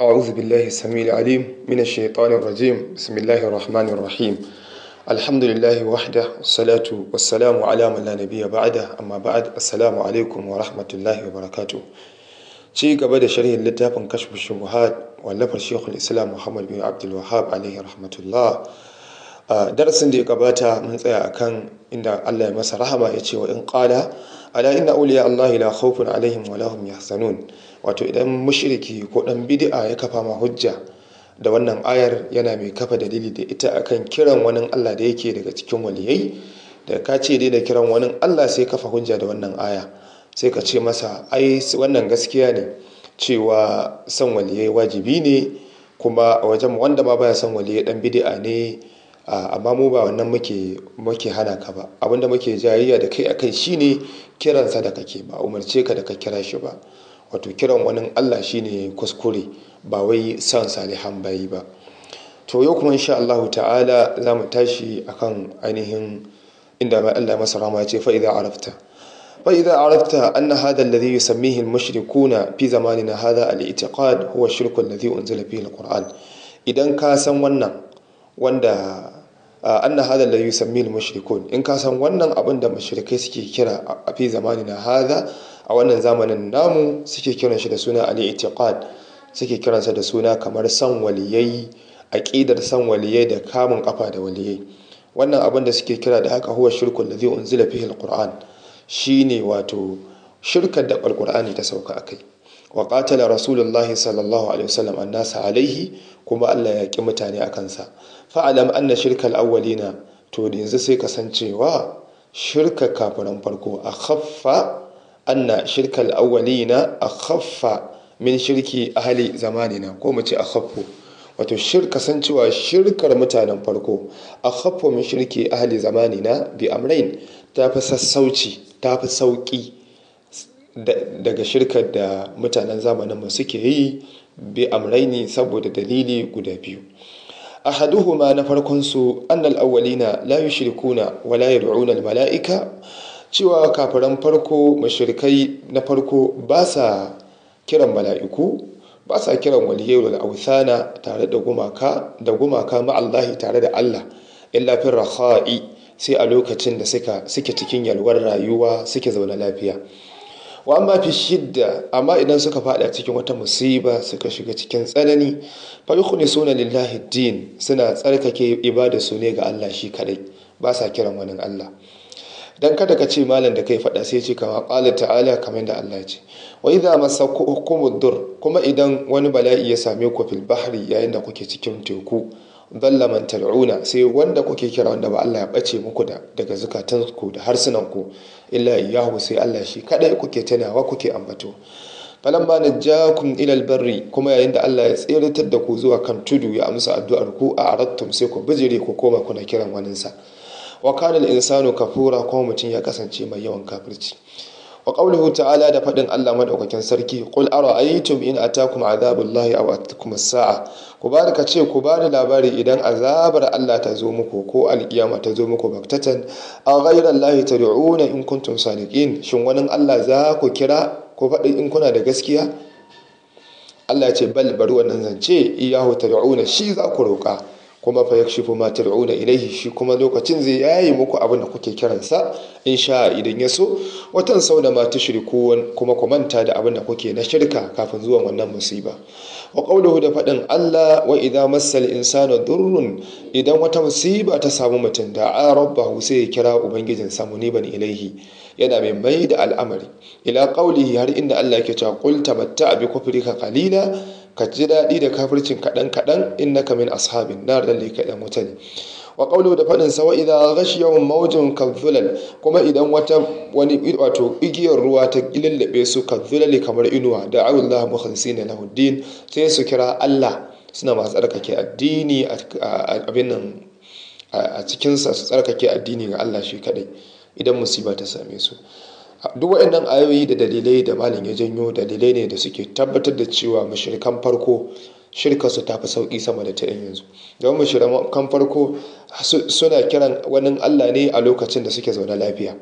أعوذ بالله السميع العليم من الشيطان الرجيم بسم الله الرحمن الرحيم الحمد لله وحده والصلاة والسلام على من لا نبي بعده أما بعد السلام عليكم ورحمة الله وبركاته ci gaba da sharhin littafin kashfu shubuhat wallafar shekul islam muhammad bin abdul wahab alaihi rahmatullah a darasin da ya gabata mun tsaya a kan inda Allah ya masa rahama ya ce wa in A ala inna uliya Allah la khawfun alaihim wa lahum yahzanun wato idan mushriki ko dan bid'a ya kafa ma hujja da wannan ayar yana mai kafa dalili da ita akan kiran wani Allah da yake daga cikin waliyai da ka ce dai da kiran wani Allah sai kafa hujja da wannan aya sai ka ce masa ai wannan gaskiya ne cewa san waliyai wajibi ne kuma a wajen wanda ba baya san waliyai ɗan bid'a ne Ah, amma mu ba wannan muke hana ka ba abin da muke jayayya da kai a akai shine kiransa da kake ba umarce ka da ka kira shi ba wato kiran wani Allah shine kuskure ba wai san salihan bayi ba to yau kuma insha Allah ta'ala za mu tashi akan ainihin inda ma Allah masa rama ya ce fa idza arafta fa idza arafta anna hadha alladhi yusammihi al-mushrikuna fi zamanina hadha al-i'tiqad huwa shirku alladhi unzila fihi al-Qur'an idan ka san wannan wanda anna hada la yusammi al mushrikun in ka san wannan abin da mushrikai suke kira a fi na hada a wannan zamanin namu suke kiran shi da suna al itiqad suke kiransa da suna kamar san waliyai aqidar san waliyai da kamun kafa da waliyai wannan abin da suke kira da haka huwa shirku ladhi unzila fihi alquran shine wato shirkar da Al-Qur'ani ta sauka akai wa qatala rasulullahi sallallahu alaihi wasallam annasa alaihi kuma Allah ya ki mutane akan sa fa'alam anna shirka awwalina to yanzu sai kasancewa shirka kafiran farko a khaffa anna shirkal awwalina a khaffa min shirki a ahli zamanina ko mu a khaffu wato shirka kasancewa shirkar mutanen farko a khaffu min shirki ahli zamanina bi amrain ta fi sassauci ta fi sauki daga shirkar da mutanen zamaninmu suke yi bi amraini saboda dalili guda biyu ahaduhu ma na farkon su annal awwalina la yushrikuna wa la yad'una al mala'ika cewa kafaran farko mashirkai na farko ba sa kiran mala'iku ba sa kiran waliyul awthana tare da gumaka da gumaka ma Allah tare da Allah illa fi raha'i sai a lokacin da suke cikin yalwar rayuwa suke zauna lafiya wa amma fi shidda amma idan suka fada cikin wata musiba suka shiga cikin tsanani fa yukhlisuna lillahi din suna tsarkake ibada su ne ga Allah shi kadai ba sa kiran wani Allah dan kada ka ce malam da kai fada sai ce kama qala ta'ala kamar da Allah ce wa idza hukumar dur kuma idan wani bala'i ya same ku fil bahri yayin da kuke cikin teku dalla man sai wanda kuke kira wanda ba Allah ya bace muku da daga ku da harsunan ku illa iyyahu sai Allah shi kadai kuke tunawa kuke ambato falamma jakun ila albarri kuma yayin da Allah ya tsiratar da ku zuwa kan tudu ya amsa addu'ar ku a arattum sai ku bijire ku koma kuna kiran waninsa wa kana al-insanu kafura kuma mutum ya kasance mai yawan kafirci wa qawluhu ta'ala da faɗin Allah madaukakin sarki qul ara'aytum in atakum azabullahi a atakum kuma saa ku bada ka ce ku bada labari idan azabar Allah ta zo muku ko Alƙiyama ta zo muku baktatan a ghayra allahi tad'una in kuntum sadiqin shin wani Allah za ku kira ku faɗi in kuna da gaskiya Allah ce bal bari wannan zance iyahu tad'una shi za ku roƙa kuma fa yakshifu ma tad'una ilaihi shi kuma lokacin zai yayi muku abin da kuke kiransa insha idan ya so watan sau da ma tushrikun kuma ku manta da abin da kuke na shirka kafin zuwan wannan musiba wa qawluhu da fadin Allah wa idza massal insana durrun idan wata musiba ta samu mutum da a rabbahu sai ya kira ubangijin sa muniban ilaihi yana mai mai da al'amari ila qawlihi har inda Allah ke cewa qul tamatta bi ka qalila ka ji daɗi da kafircin kaɗan kaɗan in innaka min ashabin na lalle kaɗan wuta ne wa da faɗin sa wa idza yawan mawjun kadhulal kuma idan wata wani wato igiyar ruwa ta lallabe su kadhulali kamar inuwa da Allah mukhlisina lahu lahudin sai su kira Allah suna masu tsarkake addini a cikinsa su tsarkake addini ga Allah shi kadai idan musiba ta same su duk waɗannan ayoyi da dalilai da malin ya janyo dalilai ne da suke tabbatar da cewa mashirkan farko shirkarsu ta fi sauki sama da ta 'yan yanzu don kan farko suna kiran wani allah ne a lokacin da suke zaune lafiya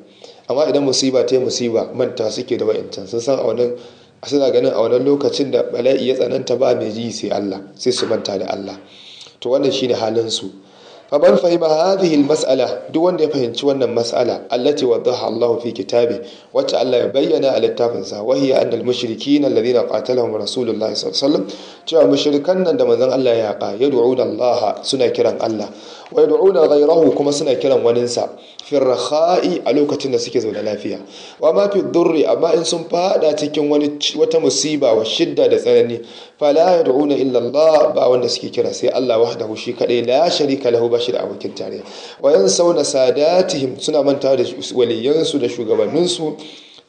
amma idan musiba ta yi musiba manta suke da wa'incan sun san a wannan suna ganin a wani lokacin da bala'i ya tsananta ba mai ji sai allah sai su manta da allah to wannan shine halin su faman fahima hadhihi almas'ala duk wanda ya fahimci wannan mas'ala allati wadaha Allahu fi kitabi wacce Allah ya bayyana a littafin sa wa hiya annal mushrikin alladhina qatalahum rasulullah sallallahu alaihi wasallam cewa mushrikan nan da manzon Allah ya ka yad'una Allah suna kiran Allah wa na ghayrahu kuma suna kiran waninsa firraha'i a lokacin da suke zaune lafiya wa ma fi durri amma in sun fada cikin wani wata musiba wa shidda da tsanani fala yad'una illa Allah ba wanda suke kira sai Allah wahdahu shi kadai la sharika lahu ba shi da abokin tare wa sauna sadatihim suna manta da waliyansu da shugabanninsu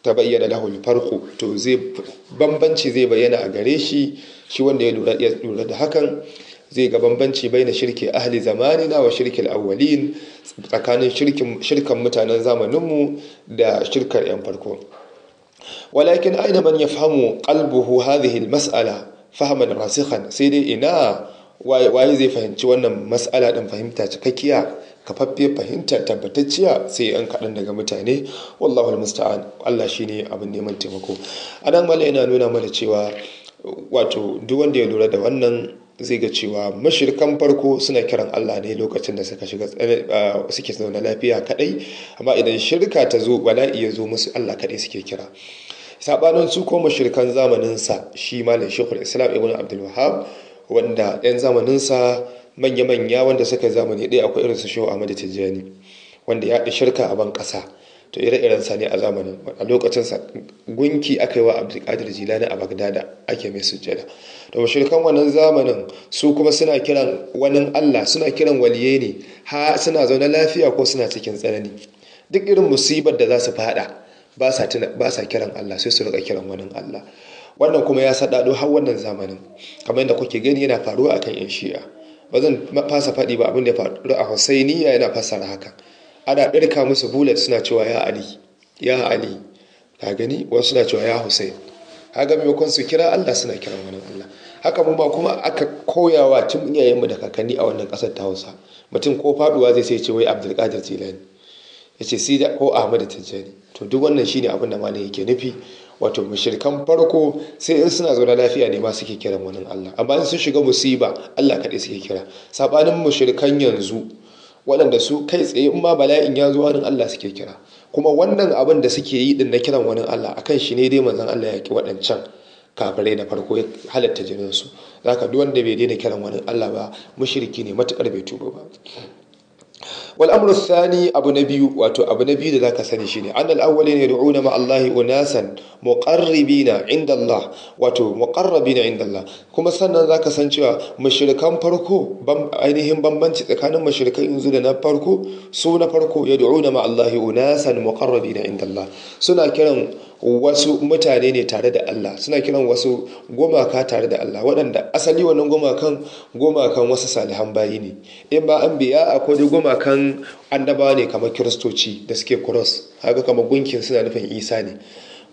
ta bayyana lahu farko to zai bambanci zai bayyana a gare shi shi wanda ya lura da hakan zai ga bambanci bai na shirki ahli zamani na wa shirki awwalin tsakanin shirkan mutanen zamaninmu da shirkar 'yan farko walakin aina man ya fahimu kalbuhu hadhihi mas'ala fahman rasikhan sai dai ina waye zai fahimci wannan mas'ala din fahimta cikakkiya kafaffiyar fahimtar tabbatacciya sai 'yan kaɗan daga mutane wallahu almusta'an Allah shine abin neman taimako anan mala yana nuna mana cewa wato duk wanda ya lura da wannan zai ga cewa mashirkan farko suna kiran Allah ne lokacin da suka shiga eh, eh, suke zaune lafiya kadai amma idan shirka ta zo bala'i ya zo musu Allah kadai suke kira sabanin su ko mashirkan zamanin sa shi malam Sheikhul Islam Ibn Abdul Wahhab wanda yan zamanin sa manya-manya wanda suka zamani ɗaya akwai irin su Shehu Ahmad Tijjani wanda ya shirka a ban kasa to ire-iren sa ne a zamanin a lokacin sa gunki aka yi wa abdulkadir jilani a bagdada ake mai sujjada to mushrikan wannan zamanin su kuma suna kiran wani allah suna kiran waliye ne ha suna zaune lafiya ko suna cikin tsanani duk irin musibar da za su fada ba sa kiran allah sai su rika kiran wani allah wannan kuma ya saɗaɗo har wannan zamanin kamar yadda kuke gani yana faruwa akan yan shi'a ba zan fasa faɗi ba abin da ya faru a husainiya yana fassara haka ana ɗirka musu bullet suna cewa ya ali ya ali ka gani wasu suna cewa ya hussein kaga maimakon su kira allah suna kiran wani allah haka mu ba kuma aka koyawa tun iyayenmu da kakanni a wannan ƙasar ta hausa mutum ko faduwa zai sai ce wai abdulkadir jilani ya ce si da ko ahmadu tijjani to duk wannan shine abin da malam yake nufi wato mushrikan farko sai in suna zaune lafiya ne ma suke kiran wani allah amma in sun shiga musiba allah kaɗai suke kira saɓanin mushrikan yanzu waɗanda su kai tsaye in ma bala'in ya zuwa wani Allah suke kira kuma wannan abin da suke yi din na kiran wani Allah akan shi ne dai manzon Allah ya ki waɗancan kafirai da farko ya halatta su zaka duk wanda bai daina kiran wani Allah ba mushriki ne matukar bai tuba ba wal amru thani abu na biyu wato abu na biyu da zaka sani shine annal awwalina yad'una ma allahi unasan muqarribina inda allah wato muqarrabina inda allah kuma sannan zaka san cewa mushrikan farko ainihin bambanci tsakanin mushrikan yanzu da na farko su na farko yad'una ma allahi unasan muqarrabina inda allah suna kiran wasu mutane ne tare da Allah suna kiran wasu gumaka tare da Allah waɗanda asali wannan gumakan gumakan wasu salihan bayi ne in ba an biya akwai dai gumakan annabawa ne kamar kiristoci da suke cross haka kamar gunkin suna nufin isa ne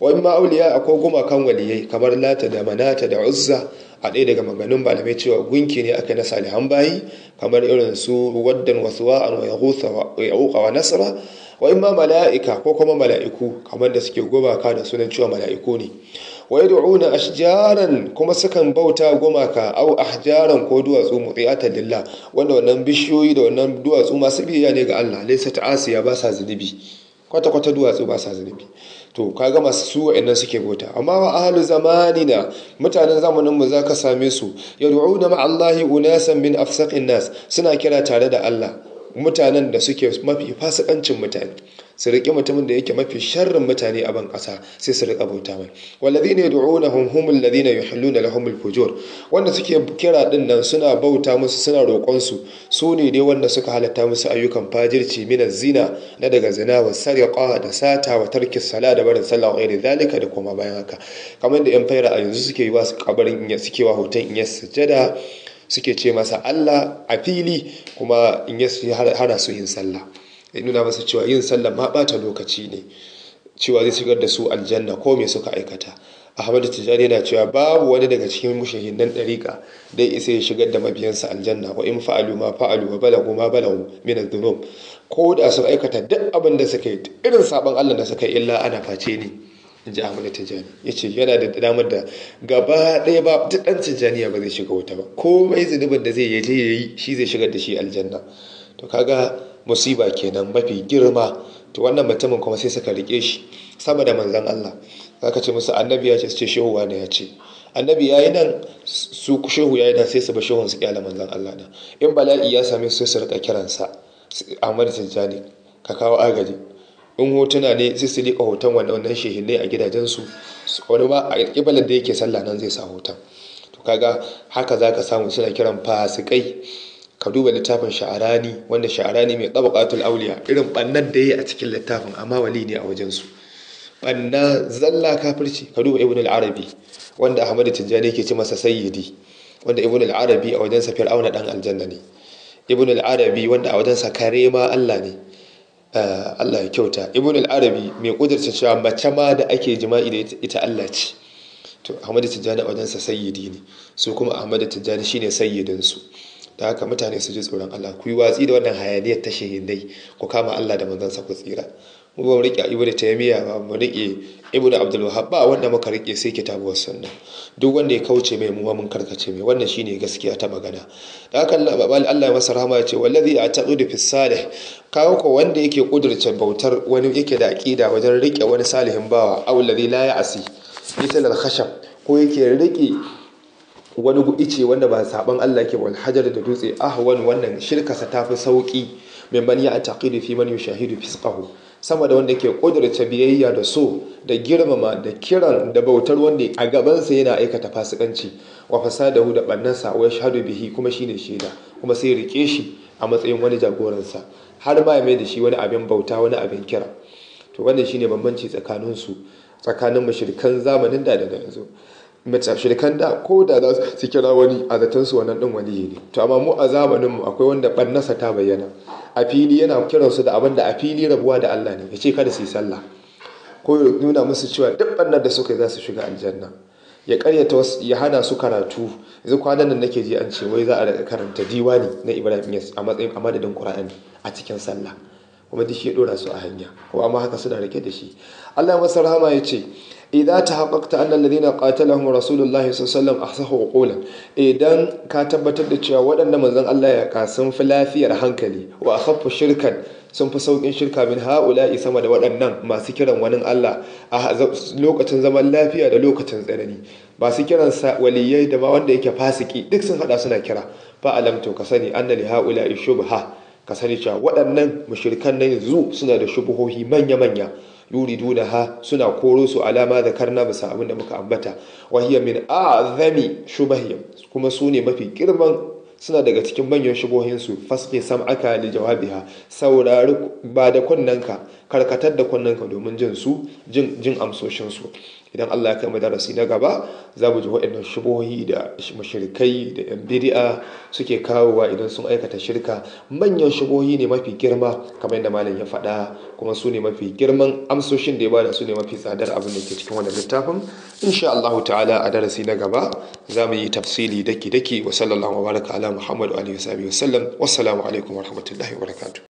wa ma auliya akwai gumakan waliyai kamar lata da manata da uzza a ɗaya daga maganin malamai cewa gunki ne aka na salihan bayi kamar irin su waddan wasu wa an wa nasara wa ma mala'ika ko kuma mala'iku kamar da suke gumaka da sunan cewa mala'iku ne wa yad'una ashjaran kuma sukan bauta gumaka au ahjaran ko duwatsu mu'iyata lillah wanda wannan bishiyoyi da wannan duwatsu masu biyayya ne ga Allah laysa ta'asiya ba sa zunubi kwata-kwata duwatsu ba sa zunubi to kaga masu su wa'annan suke bauta amma wa zamani na, mutanen zamanin mu zaka same su yad'una ma Allahi unasan min afsaqin nas suna kira tare da Allah mutanen da suke mafi fasikancin mutane su riƙi mutumin da yake mafi sharrin mutane a ban ƙasa sai su riƙa bauta mai walladhina na humul ladhina na lahumul fujur wanda suke kira din nan suna bauta musu suna roƙon su su ne dai wanda suka halatta musu ayyukan fajirci mina zina na daga zina wa sariqa da sata wa tarki sala da barin sallah wa irin zalika da kuma bayan haka kamar da yan fayara a yanzu suke yi wa kabarin suke wa hoton in sujada suke ce masa Allah a fili kuma in ya hana su yin sallah ya nuna masa cewa yin sallah ma bata lokaci ne cewa zai shigar da su aljanna ko me suka aikata ahmadu tijjani yana cewa babu wani daga cikin mushahin dan dariƙa dai isa ya shigar da mabiyansa aljanna wa in fa'alu ma fa'alu wa balagu ma balagu min adh ko da sun aikata duk abin da suka yi irin saban Allah da suka yi illa ana face ni ji ahmadu tijjani ya ce yana da damar da gaba ɗaya ba duk ɗan tijjaniya ba zai shiga wuta ba komai zunubin da zai yaje yi shi zai shigar da shi aljanna to kaga musiba kenan mafi girma to wannan mutumin kuma sai suka rike shi sama da manzan Allah zaka ce musu annabi ya ce su ce shehu wane ya ce annabi yayi nan su shehu yayi nan sai su ba shehun su kyala manzan Allah da in bala'i ya same su su rika kiransa Ahmad tijani ka kawo agaji in hotuna ne sai su liƙa hoton wannan ne a gidajensu wani ba a ƙibalar da yake sallah nan zai sa hoton to kaga haka zaka samu suna kiran fasikai ka duba littafin sha'arani wanda sha'arani mai ƙatul auliya irin ɓannan da ya yi a cikin littafin amma wali ne a wajen su zalla kafirci ka duba ibn al-arabi wanda ahmad tijjani yake ce masa sayyidi wanda ibn al-arabi a wajen sa fir'auna dan aljanna ne ibn al-arabi wanda a wajen sa kare ma Allah ne eh, Allah ya kyauta ibn al-arabi mai kudurta cewa mace ma da ake jima'i da ita Allah ce to ahmad tijjani a wajen sa sayyidi ne su kuma ahmad tijjani shine sayyidin su da haka mutane su ji tsoron Allah ku yi watsi da wannan hayaniyar ta shehindai ku kama Allah da manzansa ku tsira mu ba mu rike ibnu taymiya ba mu rike da abdul wahab ba wanda muka rike sai kitabu sunna duk wanda ya kauce mai mu mun karkace mai wannan shine gaskiya ta magana da haka Allah ya masa rahama ya ce wallazi ya'taqidu fi salih kawo ko wanda yake kudurce bautar wani yake da aqida wajen rike wani salihin bawa aw allazi la ya'si mithl al-khashab ko yake rike wani ce, wanda ba saban Allah ke wal hajar da dutse ahwan wannan shirkarsa ta fi sauki min man ya'taqidu fi man yushahidu fisqahu sama da wanda ke kudurta biyayya da so da girmama da kiran da bautar wanda a gabansa yana aikata fasikanci wa fasadahu da sa wa hadu bihi kuma shine shaida kuma sai rike shi a matsayin wani jagoransa har ma mai da shi wani abin bauta wani abin kira to wannan shine bambanci tsakanin su tsakanin mashirkan zamanin da da yanzu shirkan da ko da za su kira wani a zaton su wannan din wani ne to amma mu a zamanin mu akwai wanda bannasa ta bayyana a fili yana kiran su da abin da a fili rabuwa da Allah ne yace kada su yi sallah ko ya nuna musu cewa duk bannar da suka yi za su shiga aljanna ya karyata wasu ya hana su karatu yanzu kwanan nan nake ji an ce wai za a karanta diwani na Ibrahim Yas a matsayin a madadin Qur'ani a cikin sallah kuma duk shi ya dora su a hanya ko amma haka suna rike da shi Allah masa rahama ya ce idza tahaqqaqta anna alladhina qatalahum rasulullahi sallallahu alaihi wasallam sahu ƙulan idan ka tabbatar da cewa waɗanda manzon Allah ya sun fi lafiyar hankali wa akhaffu shirkan sun fi saukin shirka min haula'i sama da waɗannan masu kiran wani Allah a lokacin zaman lafiya da lokacin tsanani ba kiran sa waliyai da ma wanda yake fasiki duk sun haɗa suna kira fa alam to ka sani anna li haula'i shubha ka sani cewa waɗannan mushrikan na yanzu suna da shubuhohi manya-manya duna ha suna koro su alama karna bisa abin da muka ambata wa hiya min a'zami shubahim kuma su ne mafi girman suna daga cikin manyan shubohin su fasqi sam'aka li jawabiha saurari ba da kunnanka karkatar da kunnanka domin jin su jin amsoshin idan Allah ya kai mu darasi na gaba za mu ji waɗannan shubohi da mashirkai da yan bidi'a suke kawowa idan sun aikata shirka manyan shubohi ne mafi girma kamar yadda malam ya faɗa kuma su ne mafi girman amsoshin da ya bada su ne mafi tsadar abin da ke cikin wannan littafin insha Allah ta'ala a darasi na gaba za mu yi tafsili daki daki wa sallallahu wa alaihi wa sallam wassalamu alaikum wa rahmatullahi wa barakatuh